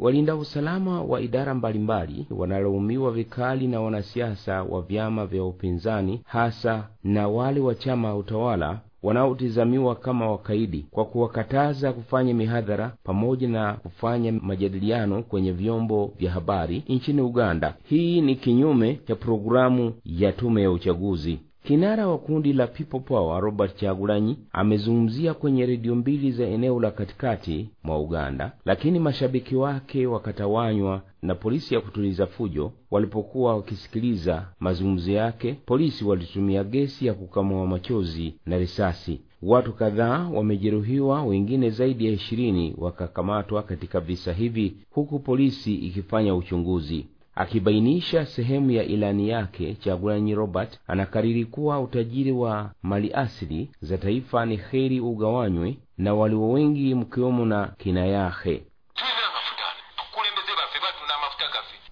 Walinda usalama wa idara mbalimbali wanalaumiwa vikali na wanasiasa wa vyama vya upinzani hasa na wale wa chama utawala wanaotizamiwa kama wakaidi kwa kuwakataza kufanya mihadhara pamoja na kufanya majadiliano kwenye vyombo vya habari nchini Uganda. Hii ni kinyume cha programu ya tume ya uchaguzi. Kinara wa kundi la People Power Robert Chagulanyi amezungumzia kwenye redio mbili za eneo la katikati mwa Uganda, lakini mashabiki wake wakatawanywa na polisi ya kutuliza fujo walipokuwa wakisikiliza mazungumzo yake. Polisi walitumia gesi ya kukamua machozi na risasi. Watu kadhaa wamejeruhiwa, wengine zaidi ya ishirini wakakamatwa katika visa hivi, huku polisi ikifanya uchunguzi. Akibainisha sehemu ya ilani yake, Chagulanyi Robert anakariri kuwa utajiri wa maliasili za taifa ni heri ugawanywe na walio wengi, mkiwemo na kina yake.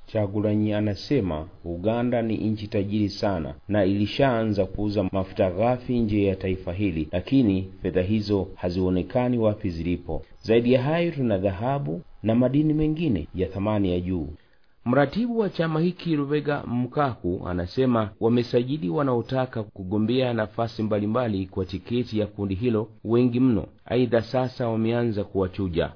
Chagulanyi anasema Uganda ni nchi tajiri sana na ilishaanza kuuza mafuta ghafi nje ya taifa hili, lakini fedha hizo hazionekani wapi zilipo. Zaidi ya hayo, tuna dhahabu na madini mengine ya thamani ya juu. Mratibu wa chama hiki Rubega Mkaku anasema wamesajili wanaotaka kugombea nafasi mbalimbali kwa tiketi ya kundi hilo wengi mno. Aidha, sasa wameanza kuwachuja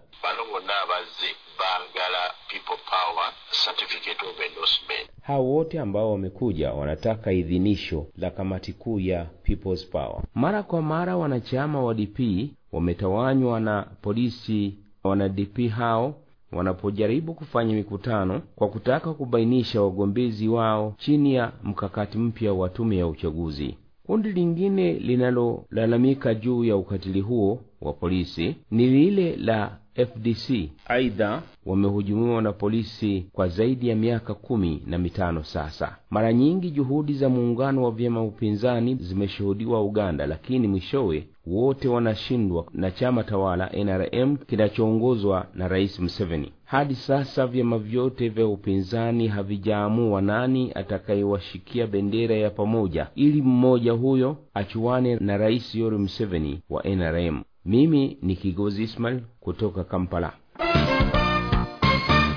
hao wote ambao wamekuja wanataka idhinisho la kamati kuu ya People's Power. Mara kwa mara wanachama wa DP wametawanywa na polisi. Wana DP hao wanapojaribu kufanya mikutano kwa kutaka kubainisha wagombezi wao chini ya mkakati mpya wa tume ya uchaguzi. Kundi lingine linalolalamika juu ya ukatili huo wa polisi ni lile la FDC aidha wamehujumiwa na polisi kwa zaidi ya miaka kumi na mitano sasa. Mara nyingi juhudi za muungano wa vyama upinzani zimeshuhudiwa Uganda, lakini mwishowe wote wanashindwa na chama tawala NRM kinachoongozwa na Rais Museveni. Hadi sasa vyama vyote vya upinzani havijaamua nani atakayewashikia bendera ya pamoja ili mmoja huyo achuane na Rais Yoweri Museveni wa NRM mimi ni kigozi ismail kutoka kampala